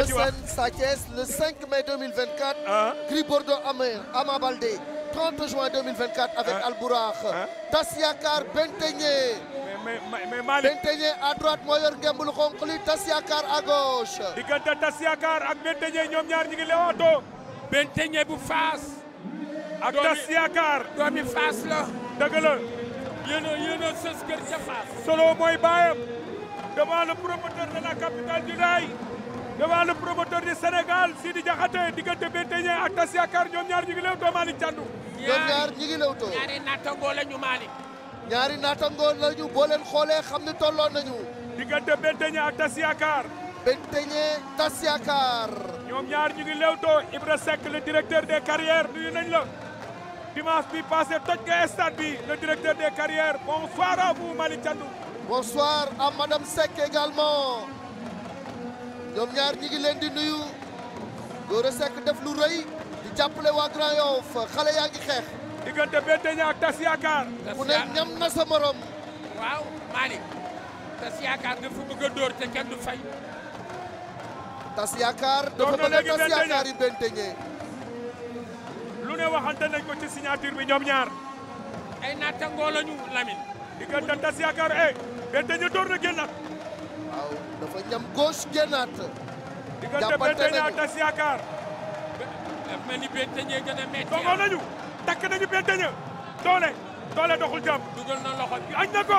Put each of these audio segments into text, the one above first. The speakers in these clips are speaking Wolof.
le 5 mai 2024. ah. Hein? Gris Bordeaux Ama Ama 30 juin 2024 avec ah. Tassiakar, Bourakh. Bentenye. à droite moo yor ngemb Tassiakar à gauche. diggante Tas Yakar ak Benteñe ñoom ñaar ñu ngi lewaatoo. Benteñe bu Tassiakar, ak Tas Yakar doomi la. a ce que sës solo mooy devant le promoteur de la capitale du Rail devant le promoteur du Sénégal Sidi Diakhaté diggante Benteñe ak Tass Yakar ñaar ñi ngi lewtoo Malick Thiandou. ñoom ñaar ñi ngi lewtoo ñaari natango lañu Mali. ñaari natango lañu bo leen xoolee xam nañu. ñaar ngi Ibra Sek, le directeur des carrières du nañ la. dimanche bi passé toj stade bi le directeur des carrières bonsoir à vous Malick bonsoir à madame Sek également. ñoom ñaar ñi ngi leen di nuyu Gora Seck def lu rëy di jàppale waa Grand Yoff xale yaa ngi xeex diggante Béteña ak Tas Yaakaar ku ne ñam na sa morom waaw Malick Tas Yaakaar dafa bëgg a dóor te kenn du fay Tas Yaakaar dafa bëgg a Tas Yaakaar yi Béteñe lu ne waxante nañ ko ci signature bi ñoom ñaar ay nattangoo lañu Lamine diggante Tas Yaakaar eh Béteñe dóor na génnaat waaw dafa ñam gauche génnaat. jàppante nañu diggante tas ni nañu takk nañu doole doxul jàpp. dugal na loxo bi añ na ko.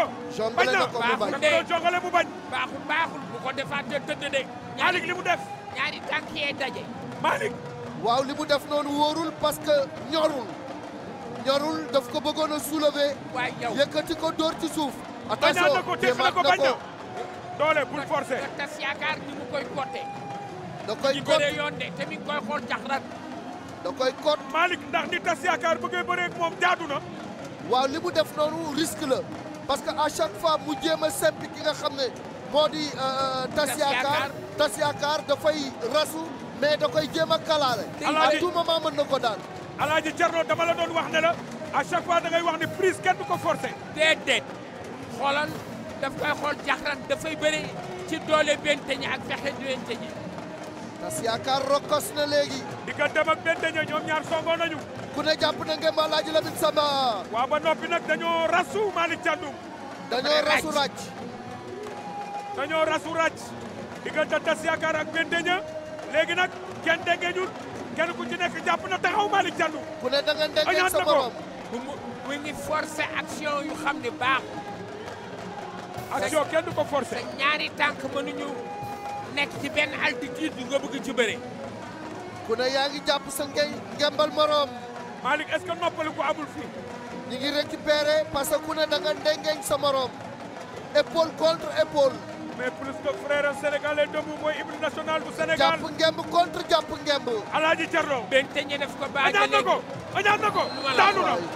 bañ na baaxul de jongale bu bañ. baaxul baaxul bu ko defaatee tëdd de. Malick li mu def. ñaari tànk yee daje. Malick. waaw li mu def noonu wóorul parce ñorul. ñorul daf ko bëggoon a soulever. waay yow yëkkati ko dóor ci suuf. attention jéemaat na ko doole bul forcer nga tas yaakaar ni mu koy kotte. da koy kott ci ndax ni tas bëggee bëree moom jaadu na. waaw li mu def noonu risque la parce que à chaque fois mu jéem a sempi ki nga xam ne moo di. Euh, euh, tas yaakaar dafay rasu. mais da koy jéem a kalaale. alaaji à tout moment mën na ko daan. alaaji Thierno dama la doon wax ne la à chaque fois da ngay wax ne prise kenn du ko forcer. déedéet xoolal. daf koy xool jaxran dafay bëri ci doole bente ñi ak fexe bente ñi tas yaakaar rokkos na léegi digganteem ak bente ñi ñoom ñaar songo nañu ku ne jàpp na ngeen Alaaji Lamin Samba waaw ba noppi nag dañoo rasu Malick Thiandoum dañoo rasu ràcc dañoo rasu ràcc diggante tas yaakaar ak bente ñi ya. léegi nag kenn déggee kenn ku ci nekk jàpp na taxaw Malick Thiandoum ku ne da nga déggee sa borom mu ngi action yu xam ne action kenn du ko forcer. ñaari tànk mënuñu nekk ci benn altitude nga bëgg ci bëre. ku ne yaa ngi jàpp sa ngey ngembal moroom. Malick est-ce que noppali ko amul fii. ñi ngi récupérer parce que ku ne da nga sa moroom. épaule contre épaule. mais plus que frère sénégalais demu mooy hymne national bu Sénégal. jàpp ngemb contre jàpp ngemb. Alaaji Cerno. benn te ñu def ko daanu na.